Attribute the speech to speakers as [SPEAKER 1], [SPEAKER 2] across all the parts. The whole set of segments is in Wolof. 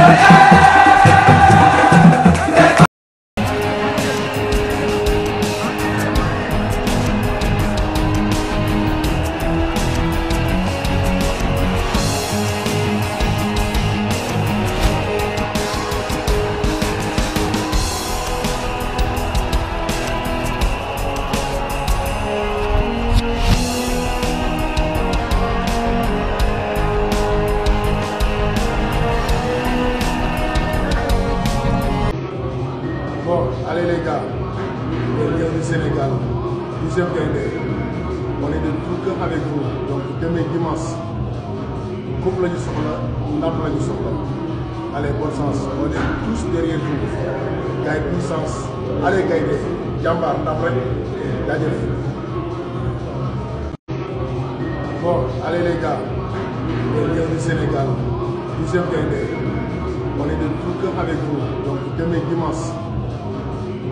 [SPEAKER 1] Yeah. Allez les gars, les du Sénégal, deuxième e on est de tout cœur avec vous. Donc demain dimanche, couple du soxla, ndam la du Allez, bon sens, on est tous derrière vous. bon puissance, allez gars de d'après. a Bon, allez les gars, les du Sénégal, 12e on est de tout cœur avec vous. Donc demain dimanche.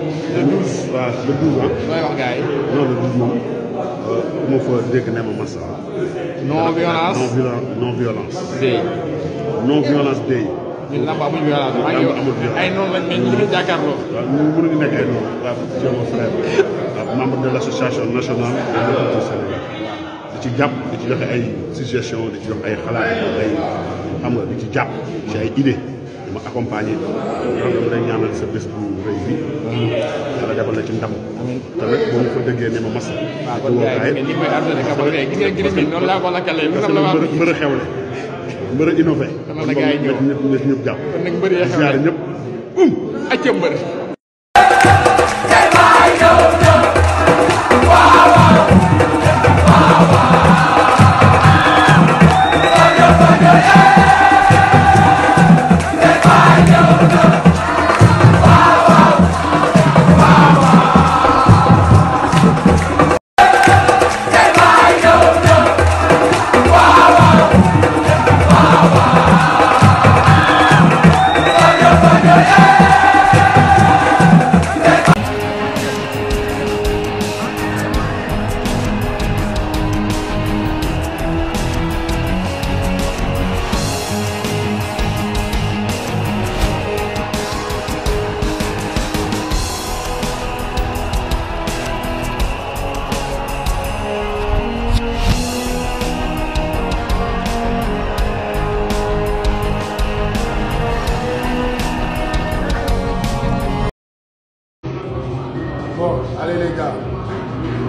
[SPEAKER 2] le 12 waaw le 12 ans. looy wax gars yi. non moom. bu ma fa dégg ne ma non violence non violence. day. non violence day. ñun làmb amul violence. làmb amul violence ay noonu nekk ay noonu. waaw membre de l' nationale di ci jàpp di ci joxe ay suggestion di ci joxe ay xalaat ay xam nga di ci jàpp ay idées. ma accompagner loolu dama lay ñaanal sa bés bu rëy bi yàlla defal la ci ndam tamit boo ñu fa déggee ni ma mas mbër a xewle mbër a innové ñëpp ñëpp jàpp ziar ñëpp
[SPEAKER 1] um acca mbër Yeah!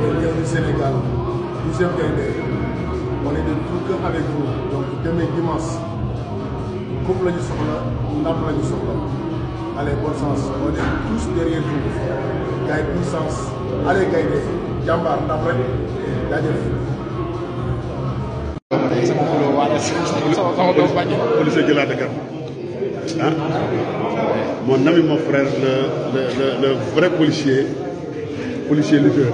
[SPEAKER 1] meilleur du Sénégal, deuxième dernier. On est de tout cœur avec vous. Donc demain dimanche, coupe la ñu soxla ndam la ñu soxla. Allez, bon sens. On est tous derrière vous. Gaye puissance. Allez Gaye jàmbaar ndam rek
[SPEAKER 2] jaajëf. ça xuloo Policier mon ami mon frère le le le, vrai policier policier lutteur.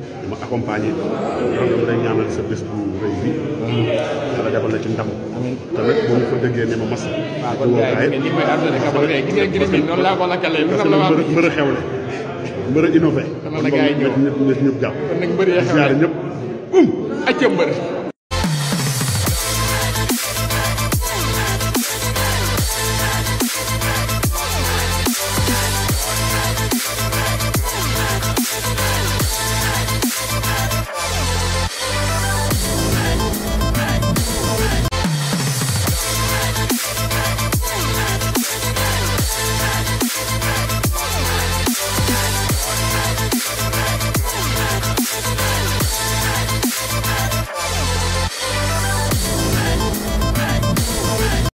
[SPEAKER 2] ma accompagné loolu dama lay ñaanal sa bés bu rëy bi yàlla defal la ci ndam tamit boo ma fa déggee ne ma mas mbër a xewle mbër a innové nit ñëpp jàpp ziare ñëpp
[SPEAKER 1] um acca
[SPEAKER 2] mbër